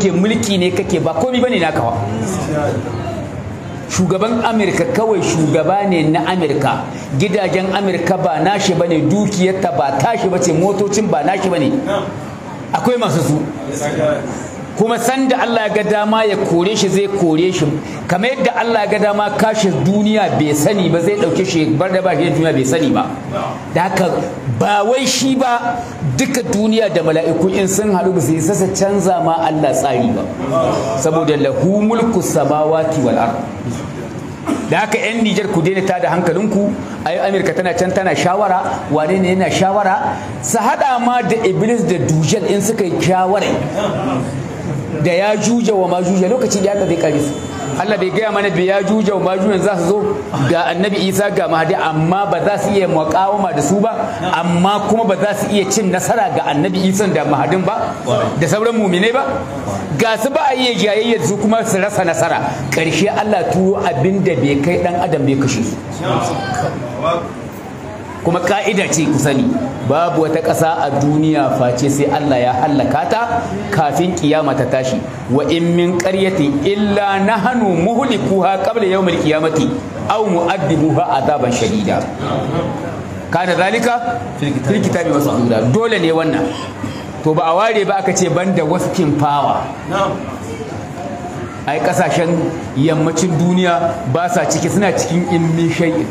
ke mulki ne kake ba komi bane naka ba shugaban amurka kawai shugaba ne na amurka gidajen amurka ba nashi bane dukiyarta ba tashi bace motocin ba nashi bane akwai masu su kuma sanda Allah ga dama ya kore shi zai kore shi kamar yadda Allah ga dama kashe duniya bai sani ba zai dauke shi bar da ba shi duniya bai sani ba da haka ba wai shi ba duka duniya da mala'iku in sun haɗu ba sai sasa canza ma Allah tsari ba saboda lahu mulku samawati wal ard da haka 'yan Nijar ku daina da hankalinku ai Amurka tana can tana shawara wane ne yana shawara su haɗa ma da Iblis da Dujal in suka yi shawarai da ya juja wa majuja lokaci da aka zai karis Allah bai gaya mana da ya juja wa majuja za su zo ga annabi isa ga mahadi amma ba za su iya muƙawama da su ba amma kuma ba za su iya cin nasara ga annabi isa da mahadin ba da sauran muminai ba ga su ba a yi jayayya su kuma su rasa nasara ƙarshe Allah turo abin da bai kai ɗan adam bai kashe su kuma ka'ida ce ku sani babu wata ƙasa a duniya face sai Allah ya hallaka ta kafin kiyama ta tashi wa in min qaryatin illa nahnu muhlikuha qabla yawmil qiyamati aw mu'addibuha adaban shadida kana zalika fil kitabi masduda dole ne wannan to ba a ware ba aka ce banda waskin fawa ai kasashen yammacin duniya ba sa ciki suna cikin in min shay'in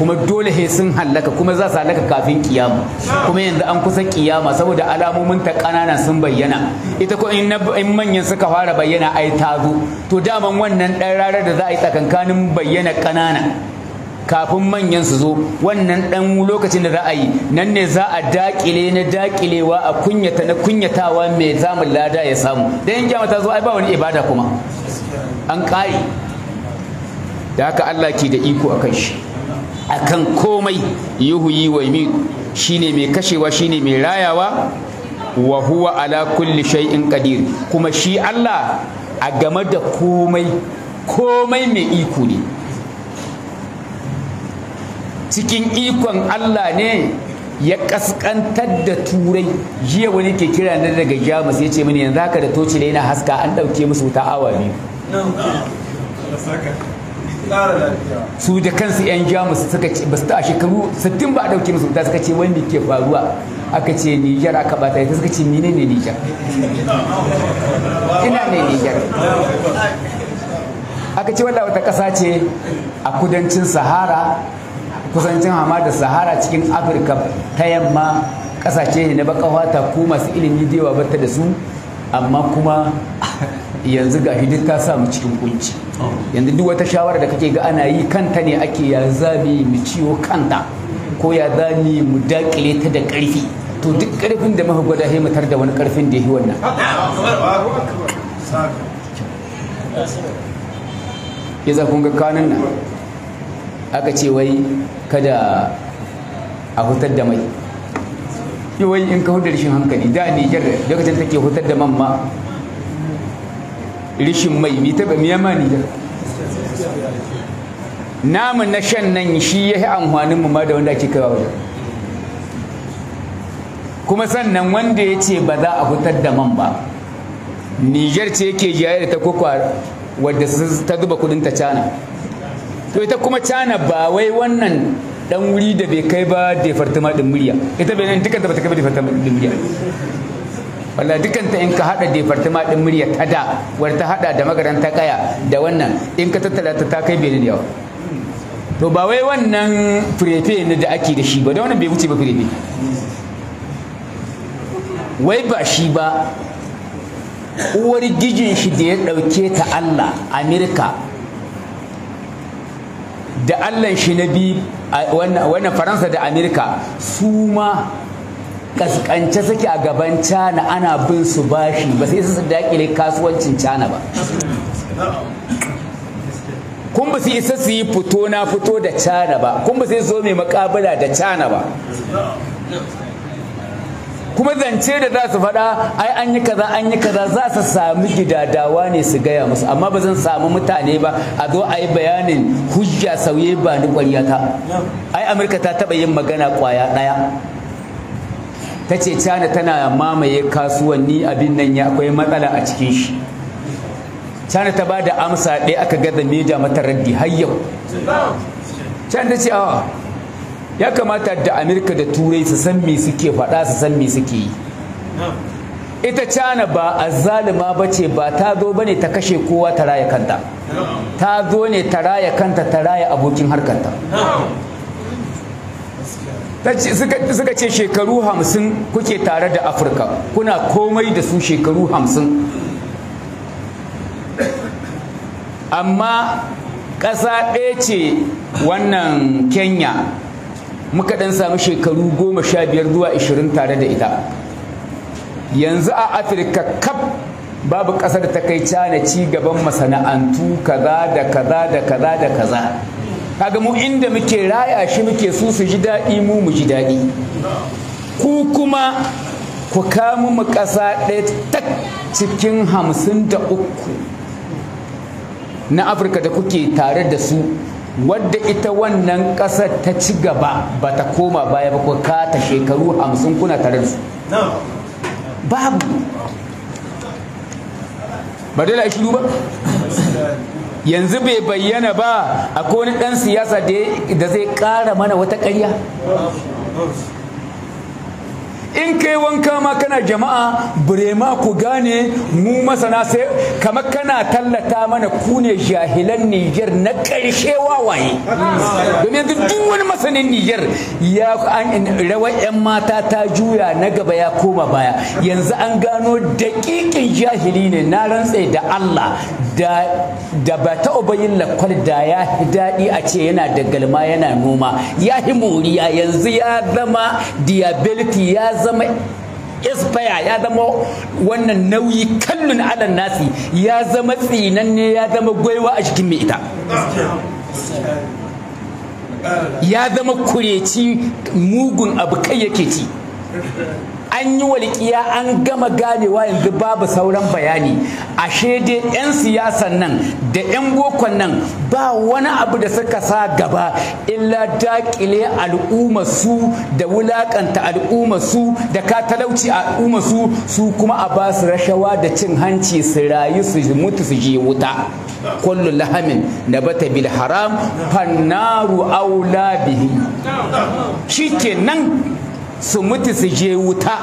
kuma dole he sun hallaka kuma za su hallaka kafin kiyama kuma yanzu an kusa kiyama saboda alamomin ta kanana sun bayyana ita ko in manyan suka fara bayyana ai ta zo to daman wannan dan rarar da za a yi tsakankanin bayyana kanana kafin manyan su zo wannan dan lokacin da za a yi nan ne za a dakile na dakilewa a kunyata na kunyatawa mai zamun lada ya samu dan kiyama ta zo ai ba wani ibada kuma an kare da haka Allah ke da iko a akan shi akan komai yuhuyi wa shi shine mai kashewa shine mai rayawa wa huwa ala kulli shay'in qadir kuma shi Allah a game da komai komai mai iko ne cikin ikon Allah ne ya kaskantar da turai jiya wani ke kira na daga jamus ya ce mini yanzu haka da toci yana haska an ɗauke musu wuta awa biyu su da kansu yan jamus suka ce ba su ta shekaru 60 ba a dauke musu ta suka ce wanda ke faruwa aka ce nijar aka bata ita suka ce mine ne nijar ina ne nijar aka ce wanda wata ƙasa ce a kudancin sahara kusancin hamadar sahara cikin afirka ta yamma kasashe ne na baka wata ko masu ilimi da yawa bata da su amma kuma yanzu ga shi duk ka mu cikin kunci oh. yanzu duk wata shawara da kake ga ana yi kanta ne ake ya zami mu ciwo kanta ko ya zami mu dakile ta da ƙarfi to duk ƙarfin da muka gwada mutar da wani ƙarfin da yi wannan ya za kun ga kanan nan aka ce wai kada a hutar da mai yi wai in ka hudar shi hankali da nijar lokacin take hutar da man rishin mai mi taɓa miya ma Nijar Namun na shan nan shi ya yi amfaninmu mu ma da wanda ake kawo da kuma sannan wanda ya ce ba za a fitar da man ba Nijar ce yake jiya yadda ta kwakwa wadda ta zuba kudin ta cana to ita kuma cana ba wai wannan dan wuri da bai kai ba fartama din murya ita bai nan duka da bata kai ba fartama din murya wala dukkan ta in ka hada department din murya ta da war ta hada da magaranta kaya da wannan in ka tattala ta kai bai da yawa to ba wai wannan firefe ne da ake da shi ba da wannan bai wuce ba firefe wai ba shi ba uwar gijin shi da ya ɗauke ta Allah Amerika da Allah shi na bi wannan Faransa da Amerika su ma kaskance suke a gaban cana ana bin su bashi ba sai su dakile kasuwancin cana ba kun ba su isa su yi fito na fito da cana ba kun ba sai zo mai makabala da cana ba kuma zance da za su faɗa ai an yi kaza an yi kaza za su sami gidadawa ne su gaya musu amma ba zan samu mutane ba a zo a yi bayanin hujja sauye ba ni ta. ai amurka ta taɓa yin magana ƙwaya ɗaya ta ce cana tana mamaye kasuwanni abin nan ya akwai matsala a cikin shi cana ta ba da amsa ɗaya aka gada meja mata raddi har yau cana ta ce awa ya kamata da amurka da turai su san me suke faɗa su san me suke yi ita cana ba a zalima ba ce ba ta zo ba ne ta kashe kowa ta raya kanta ta zo ne ta raya kanta ta raya abokin harkanta suka ce shekaru hamsin kuke tare da afirka kuna komai da su shekaru hamsin amma ƙasa ɗaya ce wannan kenya muka ɗan samu shekaru goma sha biyar zuwa ashirin tare da ita yanzu a afirka kaf babu ƙasar ta kai cana ci gaban masana'antu kaza da kaza da kaza da kaza kaga mu inda muke raya shi muke su su ji daɗi mu mu ji daɗi ku kuma ku kamu mu ƙasa ɗaya tak cikin hamsin da uku na afirka da kuke tare da su wadda ita wannan ƙasar ta ci gaba ba ta koma baya ba ku kata shekaru hamsin kuna tare da su babu ba dai shiru ba yanzu bai bayyana ba akwai wani ɗan siyasa da zai ƙara mana wata ƙarya in kai wanka ma kana jama'a burema ku gane mu masana sai kamar kana tallata mana ku ne jahilan Nijar na karshe wawaye domin yanzu duk wani masanin Nijar ya an rawa 'yan mata ta juya na gaba ya koma baya yanzu an gano daƙiƙin jahili ne na rantse da Allah da da ba ta ubayin lakwal da ya daɗi a ce yana da galma yana noma ya hi moriya yanzu ya zama diabetes ya zama isfaya ya zama wannan nauyi kallon alan nasi ya zama tsinanne ya zama gwaiwa a cikin mai ita ya zama kureci mugun abu kai yake ci an yi walƙiya an gama ganewa yanzu babu sauran bayani ashe dai 'yan siyasan nan da 'yan bokon nan ba wani abu da suka sa gaba illa daƙile al'umma da wulaƙanta al'umma su da ka talauci al'umma su kuma a ba su rashawa da cin hanci su rayu su mutu su je wuta kullu lahamin bata bil haram fannaru aula bihi shikenan su mutu su je wuta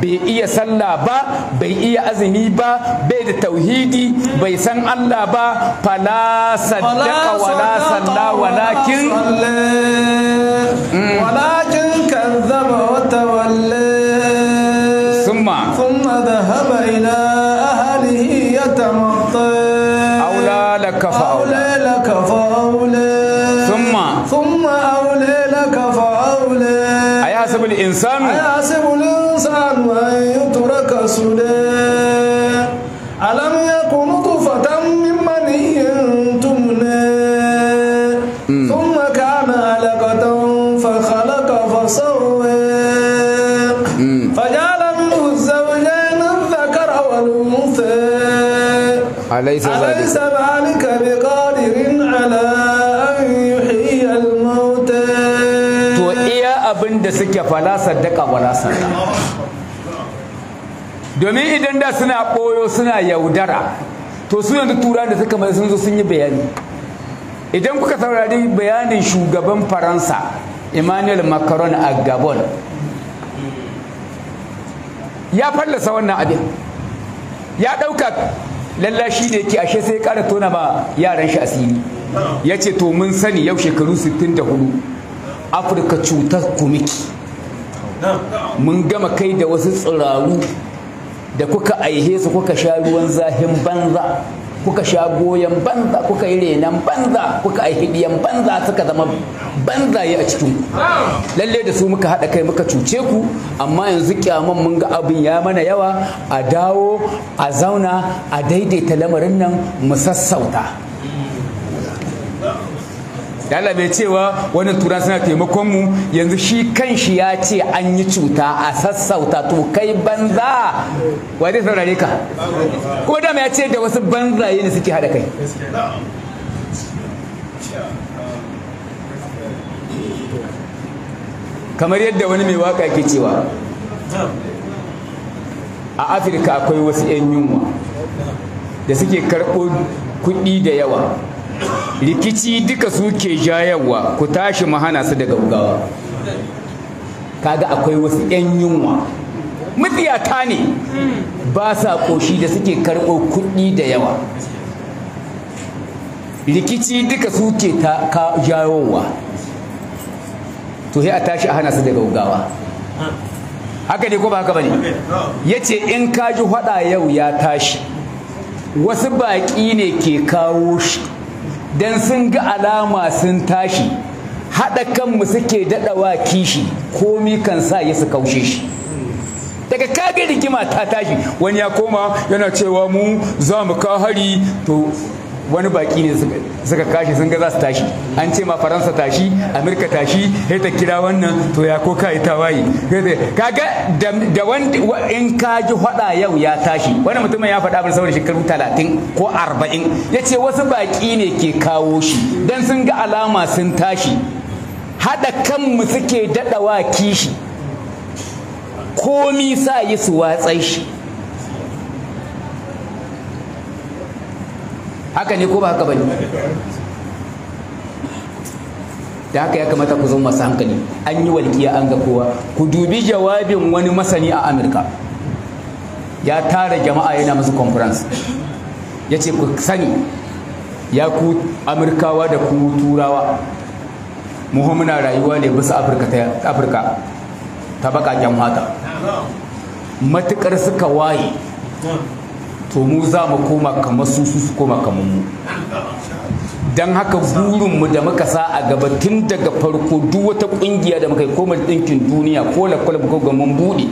bai iya sallah ba bai iya azumi ba bai da tauhidi bai san Allah ba fala saddaqa wala salla walakin mm. walakin kazzaba wa tawalla summa thumma dhahaba ila ahlihi yatamatta aula laka fa'aula الإنسان أيحسب الإنسان أن يترك سدى ألم يكن طفة من مني تمنى ثم كان علقة فخلق فسوى فجعل منه الزوجين الذكر والأنثى أليس ذلك suke falasar saddaka wala da domin idan da suna ɓoyo suna yaudara to su yanzu tura da suka mai sun zo sun yi bayani idan kuka saurari bayanin shugaban faransa emmanuel macron a gabon ya fallasa wannan abin ya ɗauka lallashi ne ke ashe sai ya ƙara tona ba yaran shi asiri ya ce to mun sani yau shekaru 64 afirka cutar kumiki mun gama kai da wasu tsiraru da kuka aihe su kuka sha ruwan zahin banza kuka sha goyon banza kuka yi renan banza kuka aihe biyan banza suka zama banza yi a cikin lalle da su muka haɗa kai muka cuce ku amma yanzu kyaman mun ga abin ya mana yawa a dawo a zauna a daidaita lamarin nan mu sassauta da Allah bai cewa wannan turan suna taimakon mu yanzu shi kan shi ya ce an yi cuta a sassauta to kai banza wa zai saurare ka kuma dama ya ce da wasu banzaye ne suke haɗa kai kamar yadda wani mai waka ke cewa a afirka akwai wasu 'yan yunwa da suke karɓo kuɗi da yawa rikici duka suke jayarwa ku tashi mu hana su da gaugawa kaga akwai wasu 'yan yunwa mutsiyata ne ba sa koshi da suke karɓo kuɗi da yawa rikici duka suke ta ka jayowa to a tashi a hana su da gaugawa haka ne ko ba haka ba ne ya ce in kaji faɗa yau ya tashi wasu baƙi ne ke kawo shi don sun ga alama sun tashi haɗa kanmu suke daɗawa kishi komi kan sa ya su kaushe shi daga kage rigima ta tashi wani ya koma yana cewa mu za mu ka hari to wani baki ne suka kashi sun ga za su tashi an ce ma faransa tashi amurka tashi sai ta kira wannan to ya ko ka tawaye kaga da wanda in ka ji faɗa yau ya tashi wani mutumin ya faɗa saboda shekaru talatin ko arba'in ya ce wasu baki ne ke kawo shi don sun ga alama sun tashi haɗa kanmu suke daɗawa kishi komi sa yi su watsai shi haka ne ko ba haka ba ne da haka ya kamata ku zo masu hankali an yi walƙiya an ga kowa ku dubi jawabin wani masani a amurka ya tara jama'a yana musu conference ya ce ku sani ya ku amurkawa da ku turawa muhu rayuwa ne bisa afirka ta baƙaƙen haka matukar suka waye to mu za mu koma kamar su su koma kamar mu don haka burinmu da muka sa a gaba tun daga farko duk wata kungiya da muka yi komar ɗinkin duniya ko lakwal ko ga mun buɗe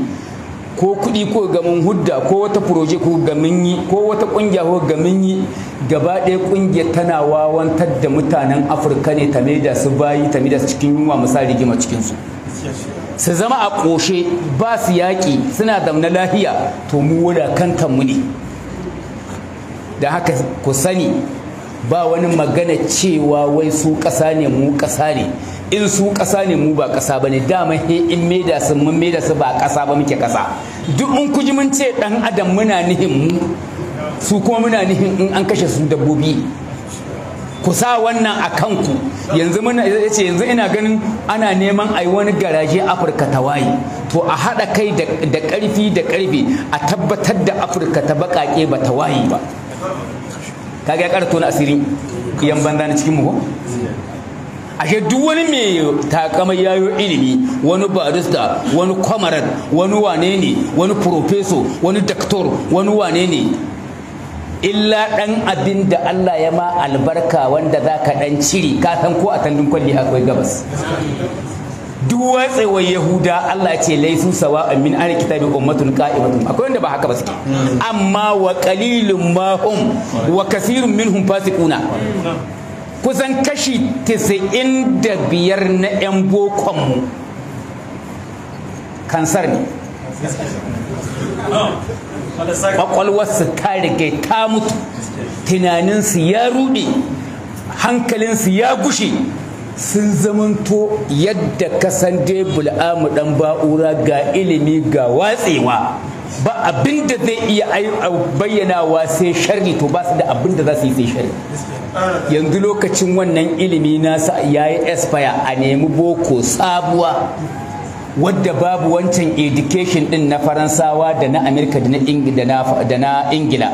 ko kuɗi ko ga mun hudda ko wata furoje ko ga mun yi ko wata kungiya ko ga mun yi gaba ɗaya kungiya tana wawantar da mutanen afirka ne ta da su bayi ta da cikin yunwa misali gima cikin su su zama a ƙoshe ba su yaƙi suna na lahiya to mu wadakantar mu ne da haka ku sani ba wani magana cewa wai su ƙasa ne mu ƙasa ne in su ƙasa ne mu ba ƙasa ba ne dama he in maida su mun maida su ba ƙasa ba muke ƙasa duk mun kuji mun ce ɗan adam muna nihin mu su kuma muna nihin in an kashe su dabbobi ku sa wannan a kanku yanzu muna yace yanzu ina ganin ana neman ai wani garaje afirka ta waye to a haɗa kai da ƙarfi da ƙarfi a tabbatar da afirka ta baƙaƙe ba ta waye ba kaga ya kara tona asirin yan banza na cikin mu ashe duk wani mai takamai yayo ilimi wani barista wani kwamarat wani wane ne wani profeso wani daktor wani wane ne illa ɗan abin da Allah ya ma albarka wanda za ka ɗan ciri ka san ko a tandun kwalli akwai gabas duk watsewar yahuda Allah ce laifin sawa min ahli kitabi ummatun qa'imatun akwai wanda ba haka ba suke amma wa qalilun ma hum wa kathirun minhum fasiquna kusan kashi 95 na 'yan mu kansar ne kwakwalwarsu ta rike ta mutu tunaninsu ya rude hankalinsu ya gushe sun zamanto yadda kasan debul amu dan ba'ura ga ilimi ga watsewa ba abin da zai iya bayyanawa sai sharri to ba su da abin da za su yi sai sharri yanzu lokacin wannan ilimi nasa ya yi espaya a nemi boko sabuwa wadda babu wancan education din na faransawa da na amerika da na ingila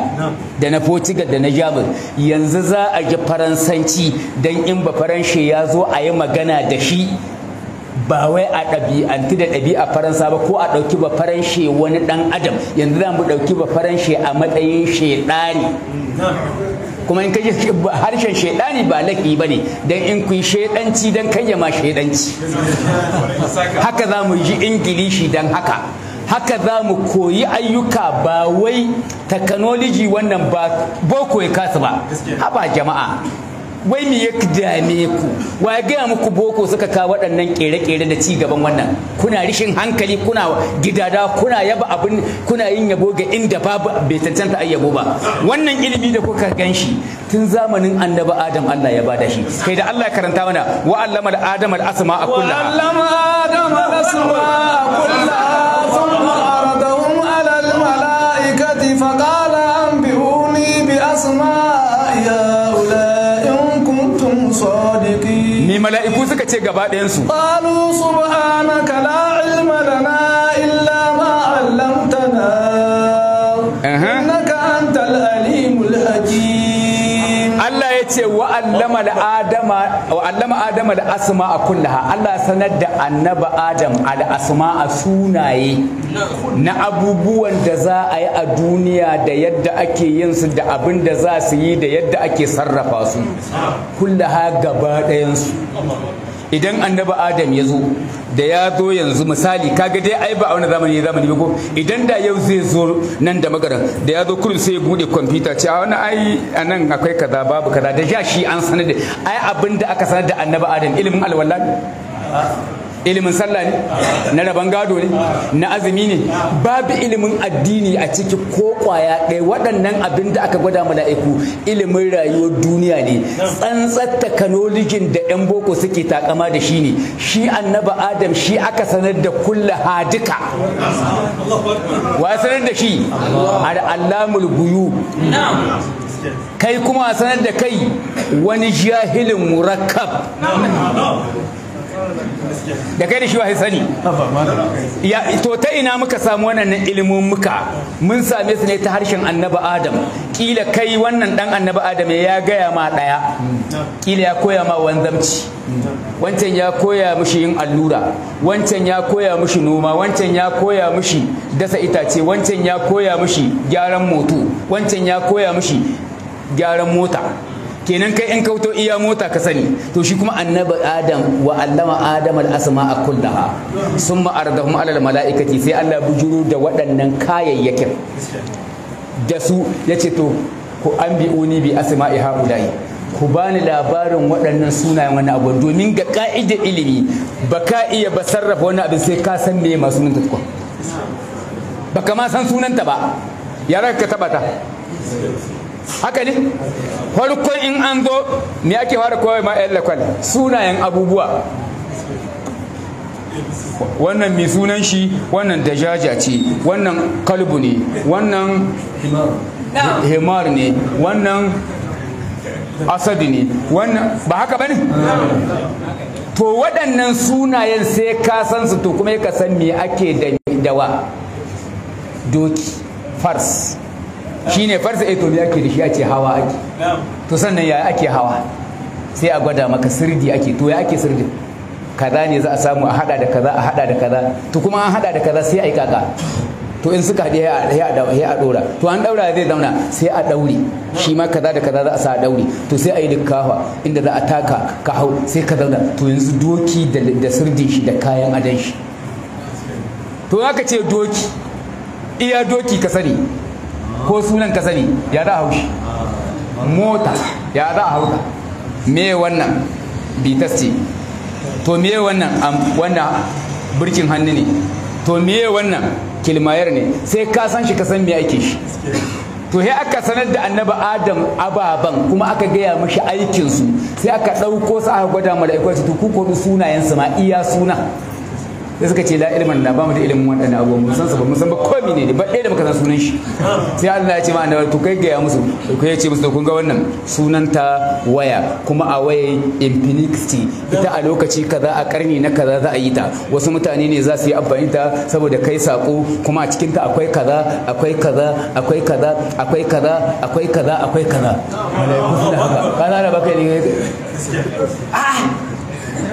da na portugal da na jamus yanzu za a ji faransanci don in ba faranshe ya zo a yi magana da shi ba wai a ɗabi'anti da ɗabi'a faransa ba ko a ɗauki ba faranshe wani ɗan adam yanzu za mu ɗauki ba faranshe a matsayin shaidani kuma in kaje harshen shedani ba laifi bane dan in ku shedanci dan kai ma shedanci haka za mu ji ingilishi dan haka haka za mu koyi ayyuka ba wai technology wannan ba boko ya kasa ba haba jama'a wai me ya dame ku wa gaya muku boko suka kawo waɗannan ƙere kere da ci gaban wannan kuna rishin hankali kuna gidada kuna yaba abin kuna yin yabo ga inda babu bai tantanta ai yabo ba wannan ilimi da kuka ganshi tun zamanin annabi adam Allah ya bada shi kai da Allah ya karanta mana wa allama adam al asma kullaha wa allama adam al asma kullaha thumma aradahum ala al malaikati faqala anbi'uni bi asma' me mala'iku suka ce gaba ɗayan su qalu subhanaka la ilma lana illa ma 'allamtana ce wa allama adama wa allama da asma a kullaha Allah sanar da annaba adam al asma a sunaye na abubuwan da za a yi a duniya da yadda ake yin su da abin da za su yi da yadda ake sarrafa su kullaha gaba ɗayan su idan annabi adam ya zo da ya zo yanzu misali kaga dai ai ba a wani zamani ya zamani ko idan da yau zai zo nan da magaran da ya zo kurin sai ya bude kwamfuta ce a wani ai a nan akwai kaza babu kaza da ja shi an sanar da ai abinda aka sanar da annabi adam ilimin alwala ilimin sallah ne na rabon gado ne na azumi ne babu ilimin addini a ciki ko kwaya ɗaya waɗannan abin da aka gwada mala'iku ilimin rayuwar duniya ne tsantsar takanologin da 'yan boko suke takama da shi ne shi annaba adam shi aka sanar da kulla hadika wa sanar da shi al'amul guyu kai kuma sanar da kai wani jahilin murakkab da kai da shi wahai sani ya to ta ina muka samu wannan ilimin muka mun same su ne ta harshen annabi adam kila kai wannan dan annabi adam ya gaya ma daya kila ya koya ma wanzamci wancan ya koya mushi yin allura wancan ya koya mushi noma wancan ya koya mushi dasa itace wancan ya koya mushi gyaran moto wancan ya koya mushi gyaran mota kenan kai in kauto iya mota ka sani to shi kuma annabi adam wa allama adam al asma'a kullaha summa ardahum ala al malaikati sai Allah bujuru da waɗannan kayayyakin da su yace to ku anbi'uni bi asma'i haula'i ku bani labarin waɗannan sunayen wani abu domin ga ka'ida ilimi ba ka iya ba sarrafa wani abin sai ka san me masu nan tukwa ba ka ma san sunanta ba yara ka taba ta haka ne farko in an zo me ake fara koyar ma yan lakwal sunayen abubuwa wannan mai sunan shi wannan dajaja ce wannan kalbu ne wannan himar ne wannan asadi ne wannan ba haka ba ne to waɗannan sunayen sai ka san su to kuma ka san me ake da dawa doki fars shine farsa eto eh ya ke da shi ake hawa ake to sannan ya ake hawa sai a gwada maka sirdi ake to ya ake sirdi kaza ne za a samu a hada da kaza a hada da kaza to kuma an hada da kaza sai a yi kaka to in suka haɗe ya a ɗora to an ɗaura zai zauna sai a ɗauri shi ma kaza da kaza za a sa a ɗauri to sai a yi dukkawa inda za a taka ka hau sai ka zauna to yanzu doki da sirdin shi da kayan adan shi to aka ce doki iya doki ka sani ko sunan ka sani ya za a haushi mota ya za a hauta me wannan bitas ce to me wannan wannan birkin hannu ne to me wannan kilmayar ne sai ka san shi ka san me ake shi to sai aka sanar da annaba adam ababan kuma aka gaya mashi aikinsu sai aka ɗauko su aka gwada mala'ikwai su to kuko sunayen su ma iya suna sai suka ce la ilman na ba mu da ilimin waɗannan abubuwan mun san su ba mun san ba ko ne ba ɗaya da muka san sunan shi sai Allah ya ce ma annabi to kai ga ya musu ko ya ce musu kun ga wannan sunanta waya kuma a waya infinity ita a lokaci kaza a karni na kaza za a yi ta wasu mutane ne za su yi amfani ta saboda kai sako kuma a cikin ta akwai kaza akwai kaza akwai kaza akwai kaza akwai kaza akwai kaza malaiku suna haka ka zara baka ne a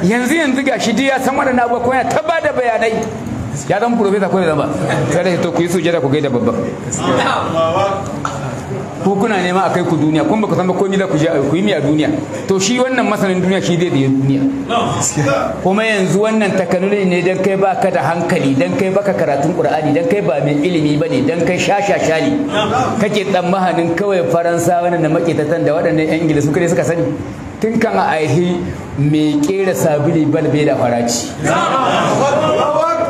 yanzu yanzu ga shi ya san wadanda abubakar ko yana ta ba da bayanai ya zama profesa ko ya zama sai da to ku yi sujada ku gaida babban ko kuna nema a kai ku duniya kun ku san ba ko da ku je ku yi mi a duniya to shi wannan masanin duniya shi zai da duniya kuma yanzu wannan takanuni ne dan kai baka da hankali dan kai baka karatun qur'ani dan kai ba mai ilimi bane dan kai shashasha ne kake mahanin kawai faransa wannan da maketatan da waɗannan yan ingila su suka sani tun kan a aihi mai kera sabili bal da faraci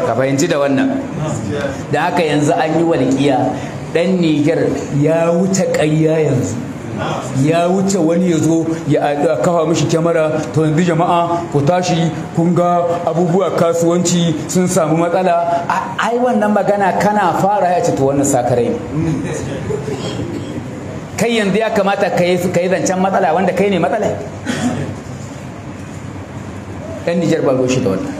ka fahimci da wannan da haka yanzu an yi walƙiya ɗan niger ya wuce ƙayya yanzu ya wuce wani ya zo ya kafa mishi kyamara to yanzu jama'a ku tashi kun ga abubuwa kasuwanci sun samu matsala ai wannan magana kana fara ya ce to wannan sakarai kai yanzu ya kamata ka yi zancen matsala wanda kai ne matsala yan nijar ba shi da wannan